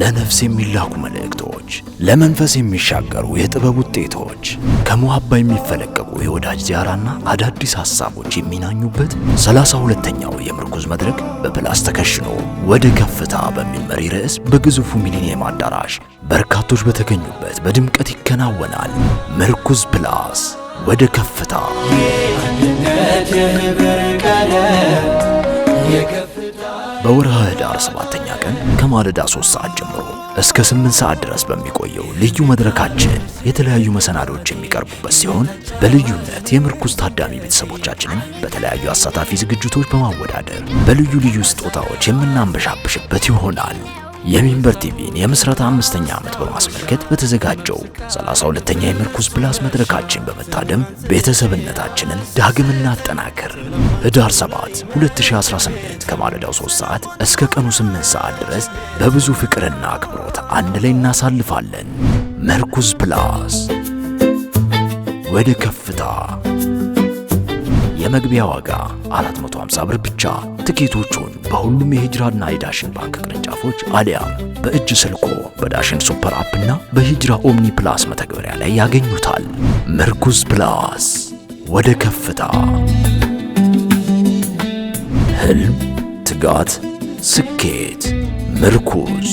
ለነፍስ የሚላኩ መልእክቶች፣ ለመንፈስ የሚሻገሩ የጥበብ ውጤቶች፣ ከሙሐባ የሚፈለቀቁ የወዳጅ ዚያራና አዳዲስ ሐሳቦች የሚናኙበት ሰላሳ ሁለተኛው የምርኩዝ መድረክ በፕላስ ተከሽኖ ወደ ከፍታ በሚል መሪ ርዕስ በግዙፉ ሚሊኒየም አዳራሽ በርካቶች በተገኙበት በድምቀት ይከናወናል። ምርኩዝ ፕላስ ወደ ከፍታ በወርሃ ህዳር ሰባተኛ ቀን ከማለዳ 3 ሰዓት ጀምሮ እስከ 8 ሰዓት ድረስ በሚቆየው ልዩ መድረካችን የተለያዩ መሰናዶዎች የሚቀርቡበት ሲሆን በልዩነት የምርኩዝ ታዳሚ ቤተሰቦቻችንን በተለያዩ አሳታፊ ዝግጅቶች በማወዳደር በልዩ ልዩ ስጦታዎች የምናንበሻብሽበት ይሆናል። የሚንበር ቲቪን የምስረታ አምስተኛ ዓመት በማስመልከት በተዘጋጀው 32ኛ የምርኩዝ ፕላስ መድረካችን በመታደም ቤተሰብነታችንን ዳግም እናጠናክር። ህዳር 7 2018 ከማለዳው 3 ሰዓት እስከ ቀኑ 8 ሰዓት ድረስ በብዙ ፍቅርና አክብሮት አንድ ላይ እናሳልፋለን። መርኩዝ ፕላስ ወደ ከፍታ የመግቢያ ዋጋ 450 ብር ብቻ። ትኬቶቹን በሁሉም የሂጅራና የዳሽን ባንክ ቅርንጫፎች አሊያም በእጅ ስልኮ በዳሽን ሱፐር አፕና በሂጅራ ኦምኒ ፕላስ መተግበሪያ ላይ ያገኙታል። ምርኩዝ ፕላስ ወደ ከፍታ። ህልም፣ ትጋት፣ ስኬት፣ ምርኩዝ